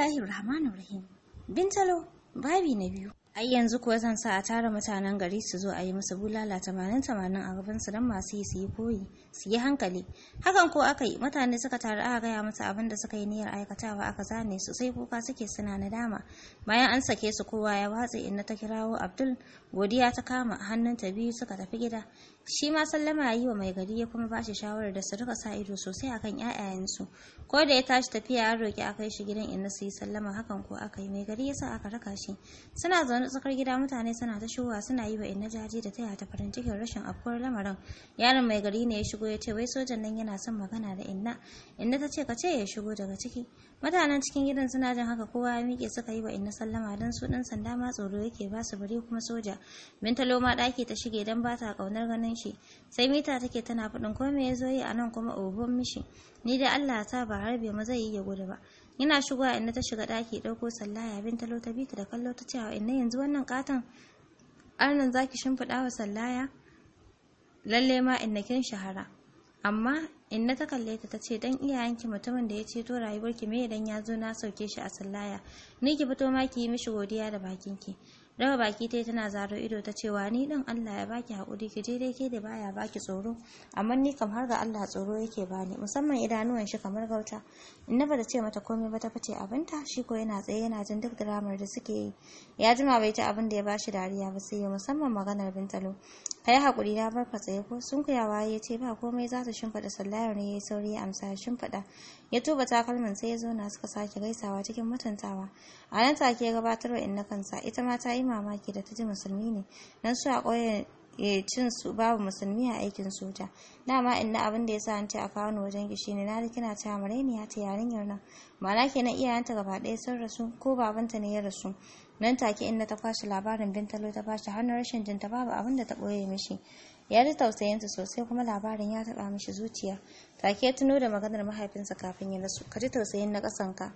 Bismillahir Rahmanir Rahim. Bintalo, babi na biyu. Ai yanzu kuwa zan sa a tara mutanen gari su zo a yi musu bulala tamanin tamanin a gaban su dan masu yi su yi koyi su yi hankali. Hakan ko aka yi mutane suka taru aka gaya musu abin da suka yi niyyar aikatawa aka zane su sai kuka suke suna nadama. Bayan an sake su kowa ya watse inda ta kirawo Abdul godiya ta kama hannun ta biyu suka tafi gida. shi ma sallama ya yi wa mai gari ya kuma ba shi shawarar da su rika sa ido sosai akan ƴaƴayensu ko da ya tashi tafiya an roki a kai shi gidan inda su yi sallama hakan ko aka yi mai gari ya sa aka raka shi suna zaune tsakar gida mutane suna ta shigowa suna yi wa inna jaje da taya ta farin cikin rashin afkuwar lamarin yaron mai gari ne ya shigo ya ce wai sojan nan yana son magana da inna inna ta ce ka ce ya shigo daga ciki mutanen cikin gidan suna jin haka kowa ya miƙe suka yi wa inna sallama don su ɗan sanda ma tsoro yake ba su bari kuma soja bintaloma ɗaki ta shige don ba ta ƙaunar ganin ganin shi sai mita take tana faɗin ko me ya zo yi anan kuma ohon mishi ni da allah ta ba harbe mu zai yi ya gudu ba yana shigowa inda ta shiga daki dauko sallaya bin talo ta da kallo ta cewa inna yanzu wannan katon arnan zaki shimfiɗa wa sallaya lalle ma inna kin shahara amma inna ta kalle ta tace dan iyayenki mutumin da ya to rayuwarki me idan ya zo na sauke shi a sallaya ni ki fito ma ki yi mishi godiya da bakinki Raba baki ta tana zaro ido ta ce wa ni dan Allah ya baki haƙuri ki je dai ke da baya baki tsoro amma ni kam har ga Allah tsoro yake bani musamman idanuwan shi kamar gauta. Inna ba da ce mata komai ba ta fice abinta shi ko yana tsaye yana jin duk dramar da suke yi. Ya jima bai ta abin da ya bashi dariya ba sai ya musamman maganar Bintalo. ka yi haƙuri na barka tsaye ko sun kuyawa ya ce ba komai za ta shimfiɗa sallayar ne ya yi sauri ya amsa ya shimfiɗa ya tuba takalman sai ya zauna suka sake gaisawa cikin mutuntawa a nan take gabatarwa inna kansa ita ma ta yi mamaki da ta ji musulmi ne nan su a ƙauyen Eh, cin su babu musulmi a aikin soja dama inna abin da ya an ce a kawo ni wajen ki ne na kina ta mareniya ta yarinyar nan ma'ana kenan iyayenta gaba ɗaya sun rasu ko babanta ne ya rasu nan take inna ta kwashe labarin bintalo ta bashi har rashin jinta babu abin da ta ɓoye mishi ya ji tausayinta sosai kuma labarin ya taɓa mishi zuciya take tuno da maganar mahaifinsa kafin ya rasu ka ji tausayin na ƙasanka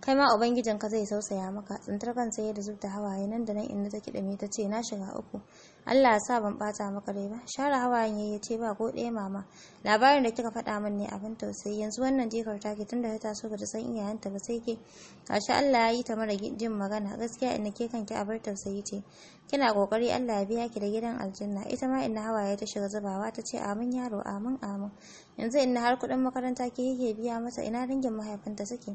kai ma ubangijin ka zai sausaya maka tsintar kan sai da zubta hawaye nan da nan inda ta kiɗa ta ce na shiga uku Allah ya sa ban bata maka rai ba share hawayen yayi ce ba ko ɗaya mama labarin da kika faɗa min ne abin tausayi yanzu wannan jikar ta ke tunda ta taso bata san iyayenta ba sai ke kashi Allah ya yi ta mara jin magana gaskiya inda ke kanki bar tausayi ce kina kokari Allah ya biya ki da gidan aljanna ita ma inda hawaye ta shiga zubawa ta ce amin yaro amin amin yanzu inda har kuɗin makaranta ke yake biya masa ina dangin mahaifinta suke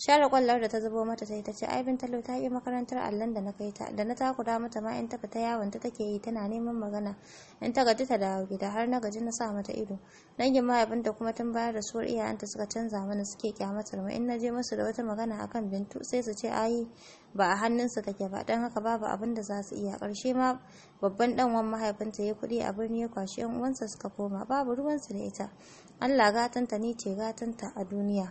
share kwallon da ta zubo mata sai ta ce ai bin talo ta yi makarantar allon da na kai ta da na takura mata ma in ta yawon ta take yi tana neman magana in ta gaji ta dawo gida har na gaji na sa mata ido dangin da kuma tun bayar da suwar iyayenta suka canza mana suke kyamatar mu in na je musu da wata magana akan bintu sai su ce ai ba a hannunsu take ba don haka babu abin da za su iya ƙarshe ma babban dan wan mahaifinta ya kuɗi a birni ya kwashi 'yan uwansa suka koma babu ruwansu da ita allah gatanta ni ce gatanta a duniya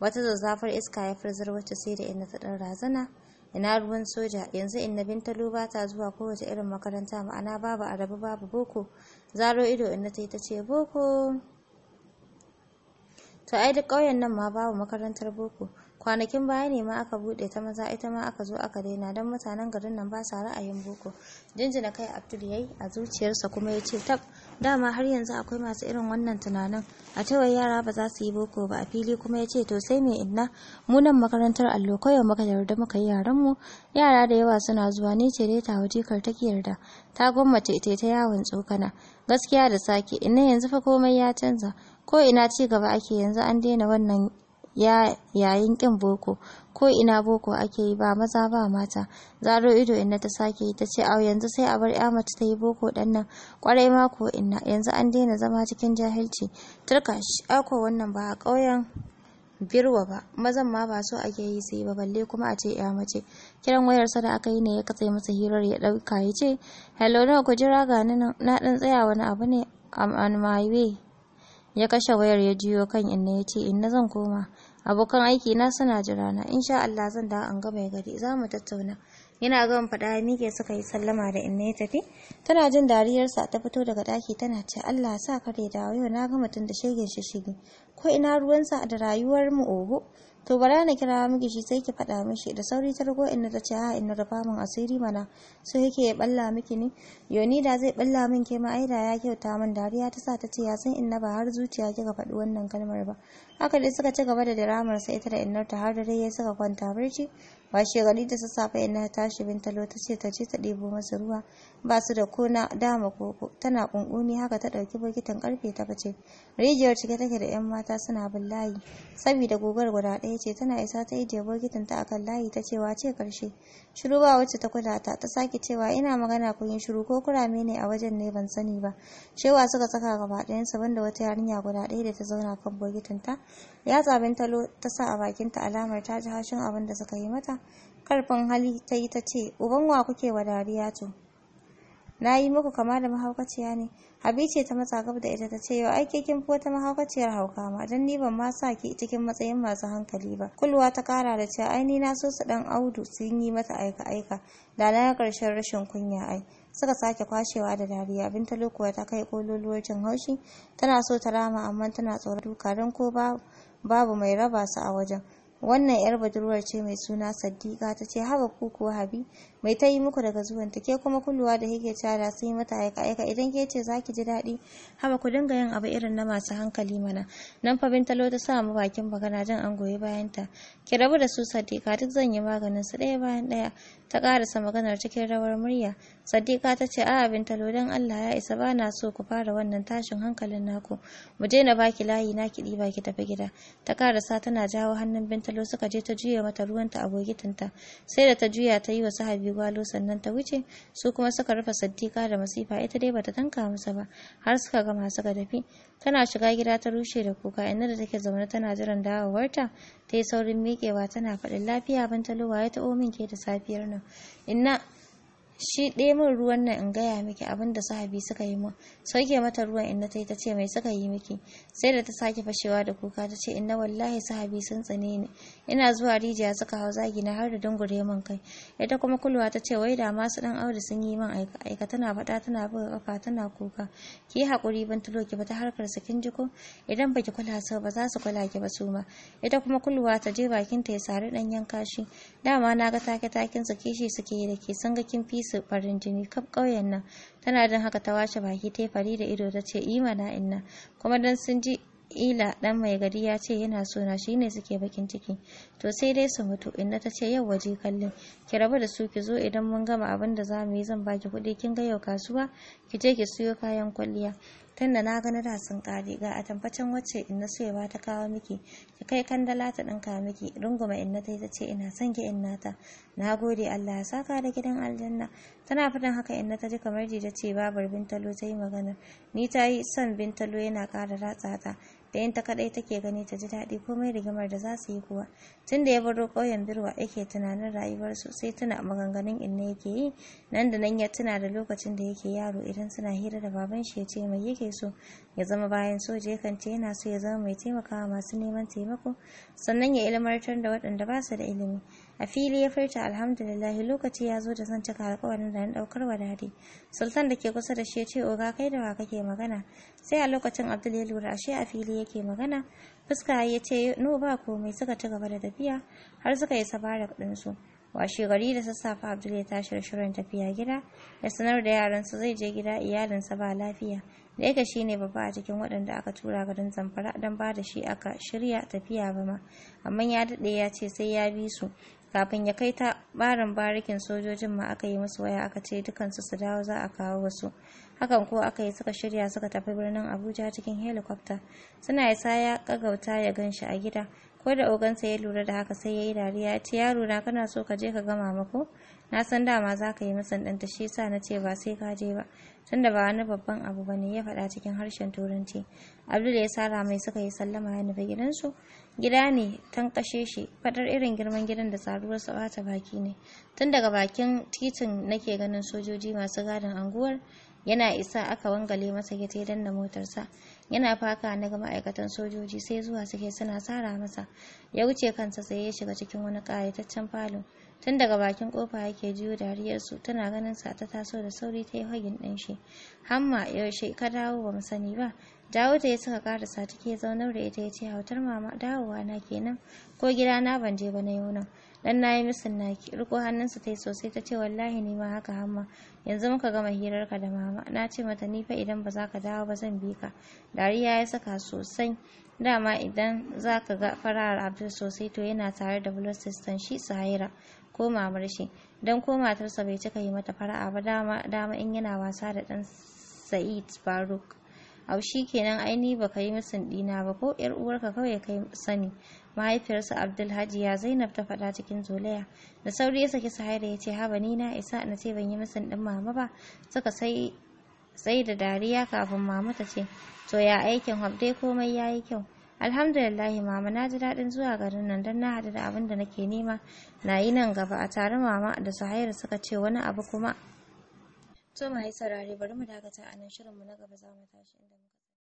wata zazzafar iska ya farzar wacce sai da inna ta ɗan razana ina ruwan soja yanzu inna bintalo ba ta zuwa kowace irin makaranta ma'ana babu arabu babu boko zaro ido inna ta yi ta ce boko to ai duk ƙauyen nan ma babu makarantar boko kwanakin baya ne ma aka buɗe ta maza ita ma aka zo aka daina don mutanen garin nan ba sa ra'ayin boko jinjina kai abdul yayi a zuciyarsa kuma ya ce tab dama har yanzu akwai masu irin wannan tunanin a cewar yara ba za su yi boko ba a fili kuma ya ce to sai me inna mu nan makarantar allo kawai muka yarda muka yi yaran mu yara da yawa suna zuwa ni ce dai tawo jikar take yarda ta gwammace ita ta yawon tsokana gaskiya da sake inna yanzu fa komai ya canza ko ina ci gaba ake yanzu an daina wannan yayin ƙin boko ko ina boko ake yi ba maza ba mata zaro ido inna ta sake yi ta ce au yanzu sai a bar ya mace ta yi boko ɗan nan kwarai ma ko inna yanzu an daina zama cikin jahilci turka shi ako wannan ba a ƙauyen birwa ba mazan ma ba so ake yi sai ba balle kuma a ce ya mace kiran wayar sa da aka yi ne ya katse masa hirar ya ɗauka, ya ce hello na ku jira ga na ɗan tsaya wani abu ne am ya kashe wayar ya jiyo kan inna ya ce inna zan koma abokan aiki na suna jira na insha Allah zan dawo an gama gari za mu tattauna yana gama faɗa ya mike suka yi sallama da inna ya tafi tana jin dariyarsa ta fito daga daki tana ce Allah ya sa kare da yau na ga mutum da shegen shishigi ko ina ruwansa da rayuwar mu ogo to bara na kira miki shi sai ki faɗa mishi da sauri ta rago inna ta ce a inna rufa asiri mana so yake ya balla miki ne yoni da zai balla min ke ma aida ya kyauta min dariya ta sa ta ce ya san inna ba har zuciya kika faɗi wannan kalmar ba haka dai suka ci gaba da diramar sai ita da innar ta har dare ya suka kwanta barci washe gari da sassafe ina tashi bintalo ta ce ta ce ta ɗebo masa ruwa ba su da kona dama koko tana kunkuni haka ta ɗauki bokitin ƙarfe ta bace. rijiyar cike take da 'yan mata suna bin layi saboda gogar guda ɗaya ce tana isa ta ijiye bokitin ta akan layi ta cewa ce karshe shiru ba wacce ta kula ta ta sake cewa ina magana kun yi shiru ko kurame ne a wajen ne ban sani ba cewa suka saka gaba ɗayansa banda wata yarinya guda ɗaya da ta zauna kan bokitin ta ya tsabin talo ta sa a bakinta alamar ta ji hashin abin da suka yi mata karfin hali ta yi ta ce uban wa kuke wa dariya to na yi muku kama da mahaukaciya ne habi ce ta matsa gab da ita ta ce yau aike kin fi wata mahaukaciyar hauka ma don ni ban ma sa ki cikin matsayin masu hankali ba kulwa ta kara da cewa ai ni na so su dan audu sun yi mata aika aika da na karshen rashin kunya ai suka sake kwashewa da dariya binta lokuwa ta kai kololuwar jin haushi tana so ta rama amma tana tsoron duka don ko babu mai raba su a wajen wannan yar budurwar ce mai suna Saddiqa ta ce haba ku ko Habi mai ta yi muku daga zuwan ta ke kuma kulluwa da kike tara sai mata aika aika idan ke ce zaki ji daɗi haba ku dinga yin abu irin na masu hankali mana nan fa bintalo ta sa mu bakin magana jan an goyi bayan ta ki rabu da su Saddiqa duk zan yi maganin su ɗaya bayan ɗaya ta karasa maganar cikin rawar murya sadiqa ta ce a'a binta don allah ya isa ba na so ku fara wannan tashin hankalin naku mu je na baki layi na kiɗi baki tafi gida ta karasa tana jawo hannun bintalo suka je ta juya mata ruwanta a bogitinta sai da ta juya ta yi wa sahabi gwalo sannan ta wuce su kuma suka rufe sadiqa da masifa ita dai bata tanka musu ba har suka gama suka tafi tana shiga gida ta rushe da kuka inda da take zaune tana jiran dawowarta ta yi saurin miƙewa tana faɗin lafiya ban talo ya taɓo min ke da safiyar nan inna shi ɗaya min ruwan nan in gaya miki abin da sahabi suka yi min sauke mata ruwan inna ta yi ta ce mai suka yi miki sai da ta sake fashewa da kuka ta ce inna wallahi sahabi sun tsane ni ina zuwa rijiya suka hau zagi na har da dungure min kai ita kuma kulwa ta ce wai da masu ɗan aure sun yi min aika aika tana faɗa tana buga kafa tana kuka ki hakuri ban tulo ki ta harkar su kin jiko idan baki kula sau ba za su kula ki ba su ma ita kuma kulwa ta je bakin ta ya sari ɗanyen kashi. dama na ga take takin su kishi suke yi da ke sun ga kin fi su farin jini kaf ƙauyen nan tana jin haka ta washe baki ta fari da ido ta ce imana inna kuma dan sun ji ila dan mai gari ya ce yana sona shine suke bakin ciki to sai dai su mutu inna ta ce yau waje kallin ki rabu da su ki zo idan mun gama abin da za mu yi zan baki kuɗi kin ga yau kasuwa ki je ki siyo kayan kwalliya tunda na ga na da sun kare ga a tabbacin wacce in na soyewa ta kawo miki ki kai kandala ta ɗinka miki runguma in na ta ce ina son ki in nata na gode Allah ya saka da gidan aljanna tana faɗin haka in na ta ji kamar jita ce babar bintalo ta yi magana ni ta yi son bintalo yana kara ratsa ta da yin ta kadai take gani ta ji daɗi komai rigimar da za su yi kuwa tun da ya baro ƙauyen birwa yake tunanin rayuwarsu sai tuna maganganun inna yake yi nan da nan ya tuna da lokacin da yake yaro idan suna hira da baban shi ya ce mai yake so ya zama bayan soja kan ce yana so ya zama mai taimakawa masu neman taimako sannan ya ilmantar da waɗanda ba su da ilimi a fili ya furta alhamdulillahi lokaci ya zo da zan cika alkawarin da na daukar wa dadi sultan da ke kusa da shi ya ce oga kai da wa kake magana sai a lokacin abdul ya lura ashe a fili yake magana fuska ya ce no ba komai suka ci gaba da tafiya har suka yi sabarar ɗinsu washe gari da sassafe abdul ya tashi da shirin tafiya gida ya sanar da yaransa zai je gida iyalinsa ba lafiya da yake shine babba a cikin waɗanda aka tura garin zamfara don ba da shi aka shirya tafiya ba ma amma ya daɗe ya ce sai ya bi su kafin ya kai ta barin barikin sojojin ma aka yi musu waya aka ce dukansu su dawo za a kawo wasu hakan ko aka yi suka shirya suka tafi birnin abuja cikin helikwafta suna isa ya kagauta ya gan shi a gida ko da ogansa ya lura da haka sai ya yi dariya ya ce yaro na kana so ka je ka gama mako na san dama za ka yi masan ɗanta shi sa na ce ba sai ka je ba tunda ba wani babban abu ba ne ya faɗa cikin harshen turanci abdul ya sara mai suka yi sallama ya nufi gidansu gida ne tan kashe shi faɗar irin girman gidan da tsaruwar wata bata baki ne tun daga bakin titin nake ganin sojoji masu gadin anguwar yana isa aka wangale masa gate don na motarsa yana faka na ga ma'aikatan sojoji sai zuwa suke suna sara masa ya wuce kansa sai ya shiga cikin wani ƙayataccen falon tun daga bakin kofa yake jiyo dariyarsu tana ganin sa ta taso da sauri ta yi hagin ɗan shi hamma yaushe ka dawo ba mu sani ba dawo ta ya saka karasa sa take zaunar da ita ya ce hautar mama dawowa na kenan ko gida na ban je ba na yau nan dan nayi misin naki riko hannunsa ta yi sosai ta ce wallahi ni ma haka hamma yanzu muka gama hirarka da mama na ce mata ni fa idan ba za ka dawo ba zan bi ka dariya ya saka sosai dama idan za ka ga fara'ar abdul sosai to yana tare da blood system shi sahira ko mamar shi dan ko matarsa bai cika yi mata fara'a ba dama dama in yana wasa da dan sa'id faruk au shi kenan aini ba ka yi musun ɗina ba ko yar uwarka kawai kai sani mahaifiyarsa abdulhaji ya zainab ta faɗa cikin zolaya da sauri ya saki sahara ya ce haba ni na isa na ce ban yi musun ɗin mama ba suka sai sai da dariya kafin mama ta ce to ya aikin habdai komai ya yi kyau alhamdulillah mama na ji daɗin zuwa garin nan don na haɗu da abin da nake nema na yi nan gaba a tare mama da sahara suka ce wani abu kuma To mai bari mu dakata a nan shirinmu na gaba za mu tashi inda muka